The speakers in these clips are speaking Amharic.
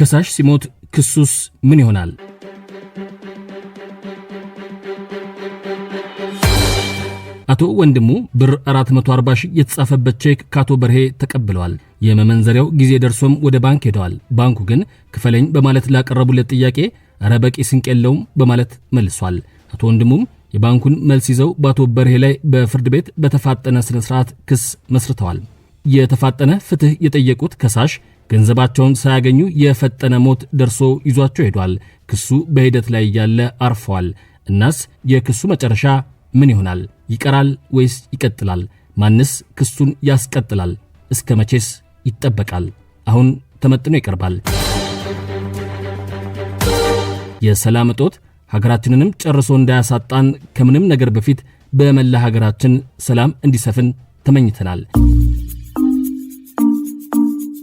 ከሳሽ ሲሞት ክሱስ ምን ይሆናል? አቶ ወንድሙ ብር 440 ሺህ የተጻፈበት ቼክ ከአቶ በርሄ ተቀብለዋል። የመመንዘሪያው ጊዜ ደርሶም ወደ ባንክ ሄደዋል። ባንኩ ግን ክፈለኝ በማለት ላቀረቡለት ጥያቄ እረ በቂ ስንቅ የለውም በማለት መልሷል። አቶ ወንድሙም የባንኩን መልስ ይዘው በአቶ በርሄ ላይ በፍርድ ቤት በተፋጠነ ስነ ስርዓት ክስ መስርተዋል። የተፋጠነ ፍትህ የጠየቁት ከሳሽ ገንዘባቸውን ሳያገኙ የፈጠነ ሞት ደርሶ ይዟቸው ሄዷል። ክሱ በሂደት ላይ እያለ አርፈዋል። እናስ የክሱ መጨረሻ ምን ይሆናል? ይቀራል ወይስ ይቀጥላል? ማንስ ክሱን ያስቀጥላል? እስከ መቼስ ይጠበቃል? አሁን ተመጥኖ ይቀርባል። የሰላም እጦት ሀገራችንንም ጨርሶ እንዳያሳጣን ከምንም ነገር በፊት በመላ ሀገራችን ሰላም እንዲሰፍን ተመኝተናል።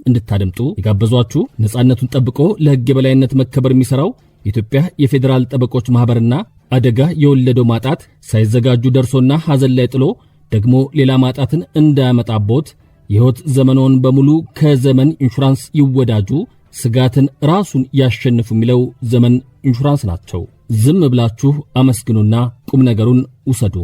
እንድታደምጡ የጋበዟችሁ ነፃነቱን ጠብቆ ለሕግ የበላይነት መከበር የሚሠራው የኢትዮጵያ የፌዴራል ጠበቆች ማኅበርና አደጋ የወለደው ማጣት ሳይዘጋጁ ደርሶና ሐዘን ላይ ጥሎ ደግሞ ሌላ ማጣትን እንዳያመጣቦት የሕይወት ዘመኖን በሙሉ ከዘመን ኢንሹራንስ ይወዳጁ። ስጋትን ራሱን ያሸንፉ የሚለው ዘመን ኢንሹራንስ ናቸው። ዝም ብላችሁ አመስግኑና ቁም ነገሩን ውሰዱ።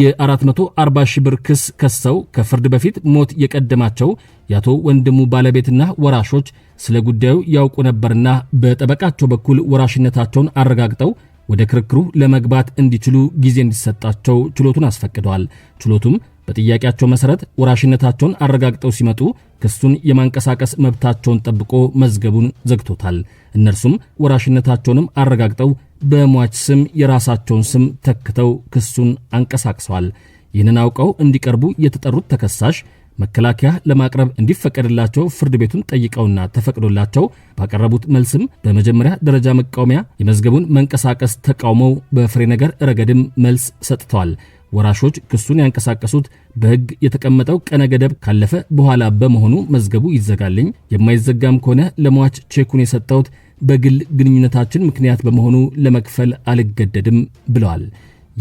የ440 ሺህ ብር ክስ ከሰው ከፍርድ በፊት ሞት የቀደማቸው የአቶ ወንድሙ ባለቤትና ወራሾች ስለ ጉዳዩ ያውቁ ነበርና በጠበቃቸው በኩል ወራሽነታቸውን አረጋግጠው ወደ ክርክሩ ለመግባት እንዲችሉ ጊዜ እንዲሰጣቸው ችሎቱን አስፈቅደዋል። ችሎቱም በጥያቄያቸው መሰረት ወራሽነታቸውን አረጋግጠው ሲመጡ ክሱን የማንቀሳቀስ መብታቸውን ጠብቆ መዝገቡን ዘግቶታል። እነርሱም ወራሽነታቸውንም አረጋግጠው በሟች ስም የራሳቸውን ስም ተክተው ክሱን አንቀሳቅሰዋል። ይህንን አውቀው እንዲቀርቡ የተጠሩት ተከሳሽ መከላከያ ለማቅረብ እንዲፈቀድላቸው ፍርድ ቤቱን ጠይቀውና ተፈቅዶላቸው ባቀረቡት መልስም በመጀመሪያ ደረጃ መቃወሚያ የመዝገቡን መንቀሳቀስ ተቃውመው በፍሬ ነገር ረገድም መልስ ሰጥተዋል። ወራሾች ክሱን ያንቀሳቀሱት በሕግ የተቀመጠው ቀነ ገደብ ካለፈ በኋላ በመሆኑ መዝገቡ ይዘጋልኝ፣ የማይዘጋም ከሆነ ለሟች ቼኩን የሰጠሁት በግል ግንኙነታችን ምክንያት በመሆኑ ለመክፈል አልገደድም ብለዋል።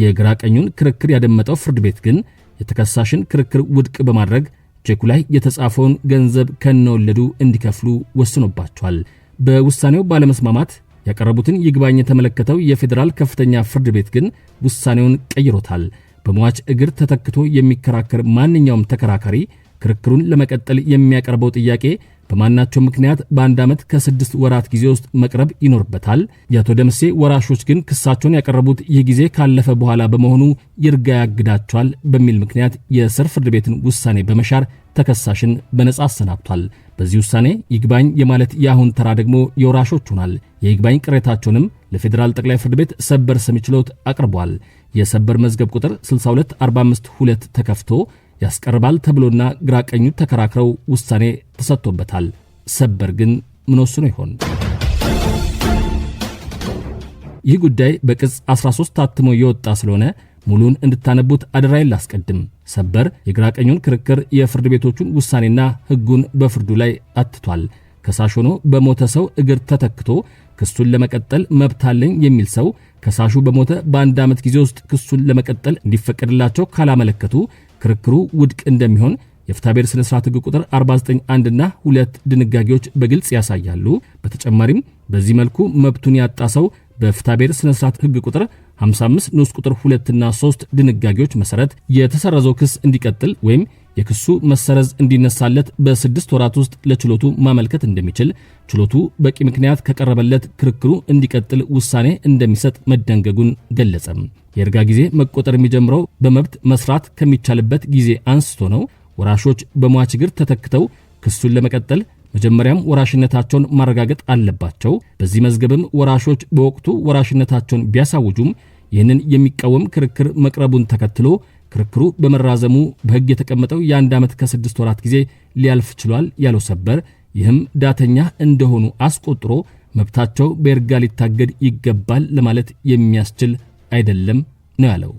የግራ ቀኙን ክርክር ያደመጠው ፍርድ ቤት ግን የተከሳሽን ክርክር ውድቅ በማድረግ ቼኩ ላይ የተጻፈውን ገንዘብ ከነወለዱ እንዲከፍሉ ወስኖባቸዋል። በውሳኔው ባለመስማማት ያቀረቡትን ይግባኝ የተመለከተው የፌዴራል ከፍተኛ ፍርድ ቤት ግን ውሳኔውን ቀይሮታል። በሟች እግር ተተክቶ የሚከራከር ማንኛውም ተከራካሪ ክርክሩን ለመቀጠል የሚያቀርበው ጥያቄ በማናቸው ምክንያት በአንድ ዓመት ከስድስት ወራት ጊዜ ውስጥ መቅረብ ይኖርበታል። የአቶ ደምሴ ወራሾች ግን ክሳቸውን ያቀረቡት ይህ ጊዜ ካለፈ በኋላ በመሆኑ ይርጋ ያግዳቸዋል በሚል ምክንያት የስር ፍርድ ቤትን ውሳኔ በመሻር ተከሳሽን በነጻ አሰናብቷል። በዚህ ውሳኔ ይግባኝ የማለት የአሁን ተራ ደግሞ የወራሾች ሆኗል። የይግባኝ ቅሬታቸውንም ለፌዴራል ጠቅላይ ፍርድ ቤት ሰበር ሰሚ ችሎት አቅርቧል። የሰበር መዝገብ ቁጥር 62452 ተከፍቶ ያስቀርባል ተብሎና ግራቀኙ ተከራክረው ውሳኔ ተሰጥቶበታል። ሰበር ግን ምን ወስኖ ይሆን? ይህ ጉዳይ በቅጽ 13 ታትሞ የወጣ ስለሆነ ሙሉን እንድታነቡት አደራይን ላስቀድም። ሰበር የግራቀኙን ክርክር፣ የፍርድ ቤቶቹን ውሳኔና ሕጉን በፍርዱ ላይ አትቷል። ከሳሽ ሆኖ በሞተ ሰው እግር ተተክቶ ክሱን ለመቀጠል መብት አለኝ የሚል ሰው ከሳሹ በሞተ በአንድ ዓመት ጊዜ ውስጥ ክሱን ለመቀጠል እንዲፈቀድላቸው ካላመለከቱ ክርክሩ ውድቅ እንደሚሆን የፍትሐብሔር ስነ ስርዓት ህግ ቁጥር 49 1 እና ሁለት ድንጋጌዎች በግልጽ ያሳያሉ። በተጨማሪም በዚህ መልኩ መብቱን ያጣ ሰው በፍትሐብሔር ስነ ስርዓት ህግ ቁጥር 55 ንዑስ ቁጥር 2 እና 3 ድንጋጌዎች መሰረት የተሰረዘው ክስ እንዲቀጥል ወይም የክሱ መሰረዝ እንዲነሳለት በስድስት ወራት ውስጥ ለችሎቱ ማመልከት እንደሚችል፣ ችሎቱ በቂ ምክንያት ከቀረበለት ክርክሩ እንዲቀጥል ውሳኔ እንደሚሰጥ መደንገጉን ገለጸም። የእርጋ ጊዜ መቆጠር የሚጀምረው በመብት መስራት ከሚቻልበት ጊዜ አንስቶ ነው። ወራሾች በሟች እግር ተተክተው ክሱን ለመቀጠል መጀመሪያም ወራሽነታቸውን ማረጋገጥ አለባቸው። በዚህ መዝገብም ወራሾች በወቅቱ ወራሽነታቸውን ቢያሳውጁም ይህንን የሚቃወም ክርክር መቅረቡን ተከትሎ ክርክሩ በመራዘሙ በሕግ የተቀመጠው የአንድ ዓመት ከስድስት ወራት ጊዜ ሊያልፍ ችሏል ያለው ሰበር ይህም ዳተኛ እንደሆኑ አስቆጥሮ መብታቸው በይርጋ ሊታገድ ይገባል ለማለት የሚያስችል አይደለም ነው ያለው።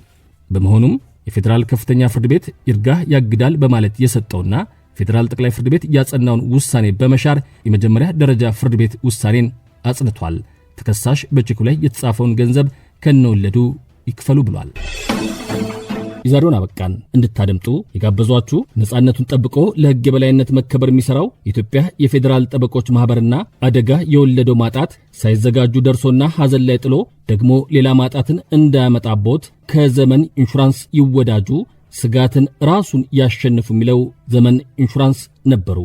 በመሆኑም የፌዴራል ከፍተኛ ፍርድ ቤት ይርጋህ ያግዳል በማለት የሰጠውና ፌዴራል ጠቅላይ ፍርድ ቤት ያጸናውን ውሳኔ በመሻር የመጀመሪያ ደረጃ ፍርድ ቤት ውሳኔን አጽንቷል። ተከሳሽ በቼኩ ላይ የተጻፈውን ገንዘብ ከነወለዱ ይክፈሉ ብሏል። የዛሬውን አበቃን። እንድታደምጡ የጋበዟችሁ ነፃነቱን ጠብቆ ለህግ የበላይነት መከበር የሚሰራው የኢትዮጵያ የፌዴራል ጠበቆች ማህበርና አደጋ የወለደው ማጣት ሳይዘጋጁ ደርሶና ሐዘን ላይ ጥሎ ደግሞ ሌላ ማጣትን እንዳያመጣቦት ከዘመን ኢንሹራንስ ይወዳጁ። ስጋትን ራሱን ያሸንፉ የሚለው ዘመን ኢንሹራንስ ነበሩ።